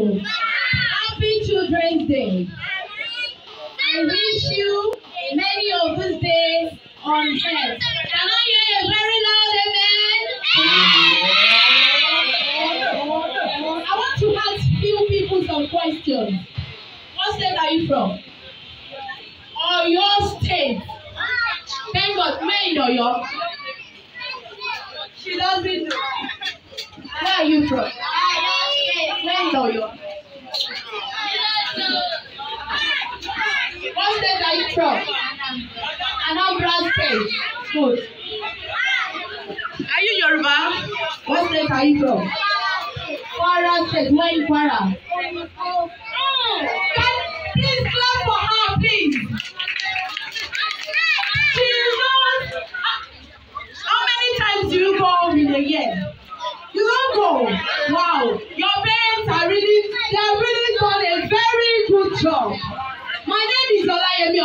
happy Children's Day. I wish you many of these days on earth. Can I hear a very loud amen? I want to ask few people some questions. What state are you from? Or your state? Thank God, Maine or your? She doesn't know. Where are you from? in Oyo. What state are you from? Anambra State. Good. Are you Yoruba? What state are you from? Kwara State. Where in Kwara?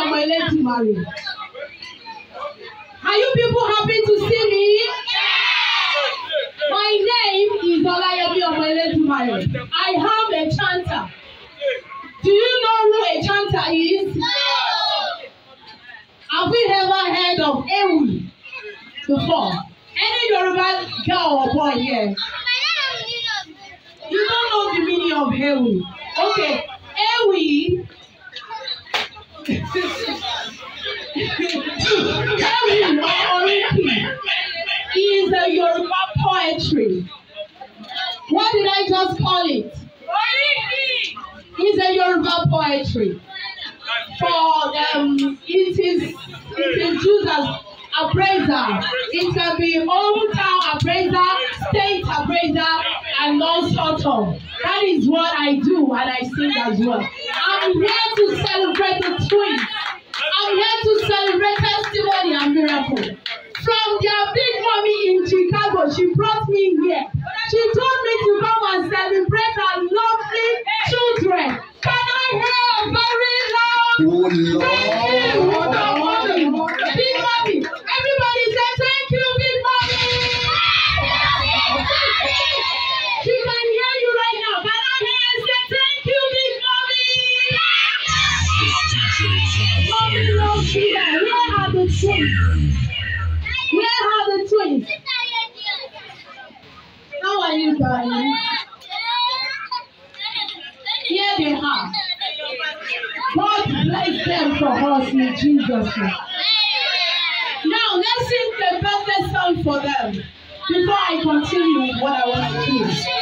ọmọ Elédùmarè. Are you people happy to see me? My name is Olayomi ọmọ Elédùmarè. I have a chanter. Do you know who a chanter is? Have we ever heard of Ewu before? Any Yoruba girl or boy here? You don't know the meaning of Ewu. Okay. National poetry. For um, it is it is used as appraiser. It can be hometown appraiser, state appraiser, and all sorts of. That is what I do, and I sing as well. I'm here to celebrate the twins. Jesus. Now let's sing the birthday song for them before I continue with what I want to do.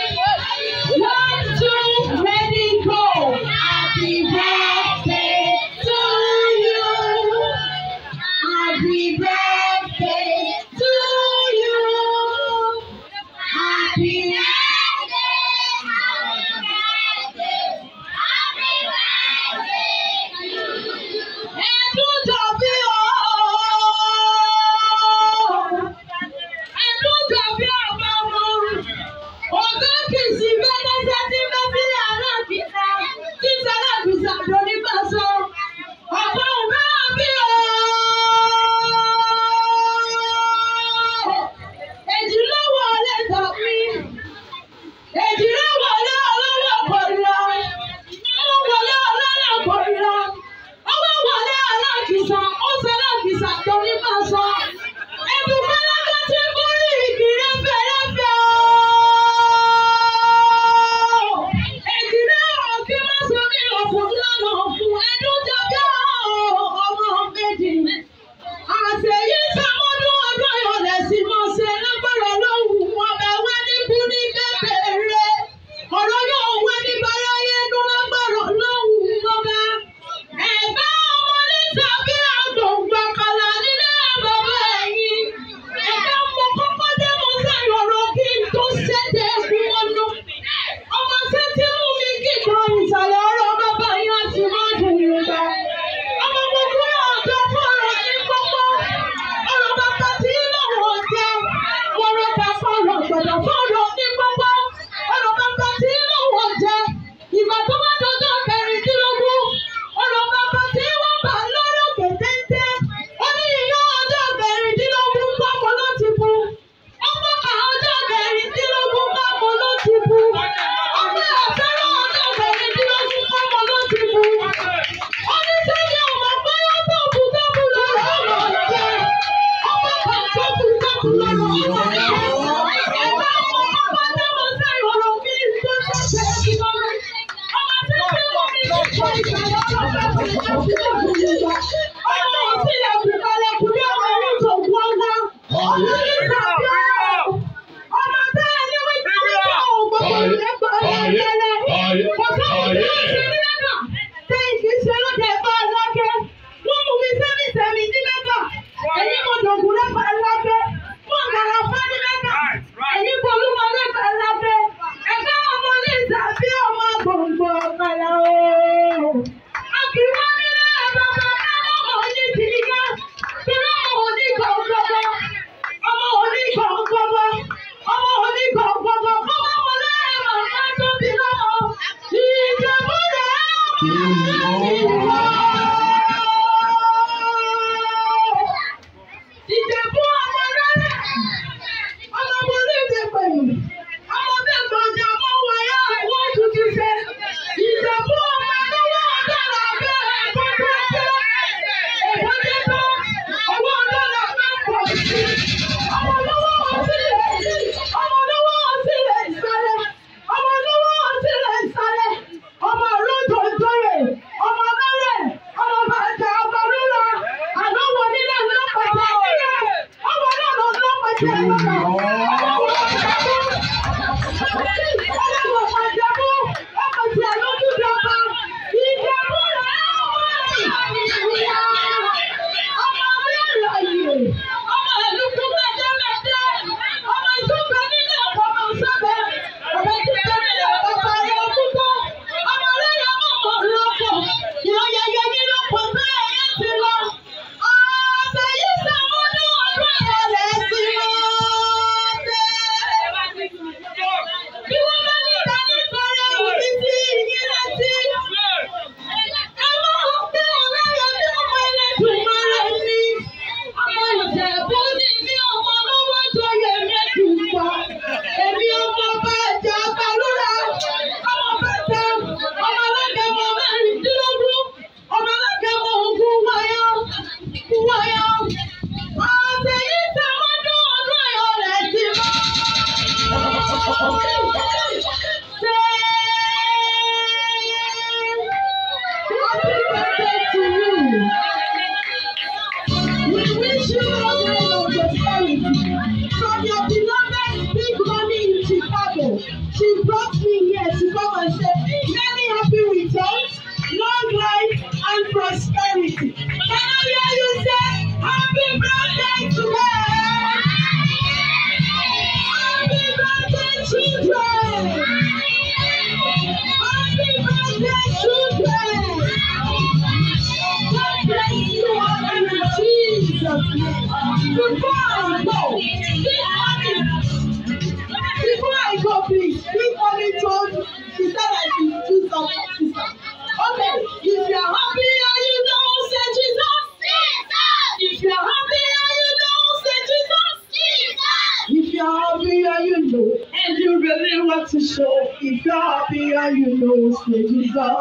show. Ikapi and you know say Jesus. Ikapi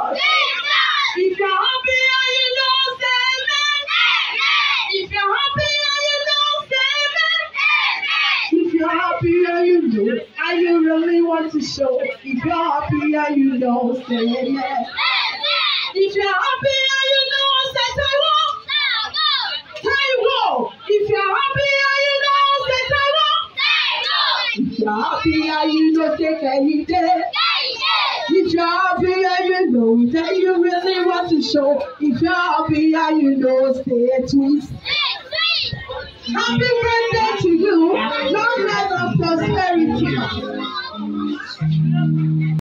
and you know say man. If you're happy and you know say man. If you're happy and you know and you really want to show. Ikapi and you know say man. If you're happy happier you don't take any day. If you're happier, you know that you really want to show. If you're happier, you know stay a twist. Happy birthday to you. Long life of prosperity.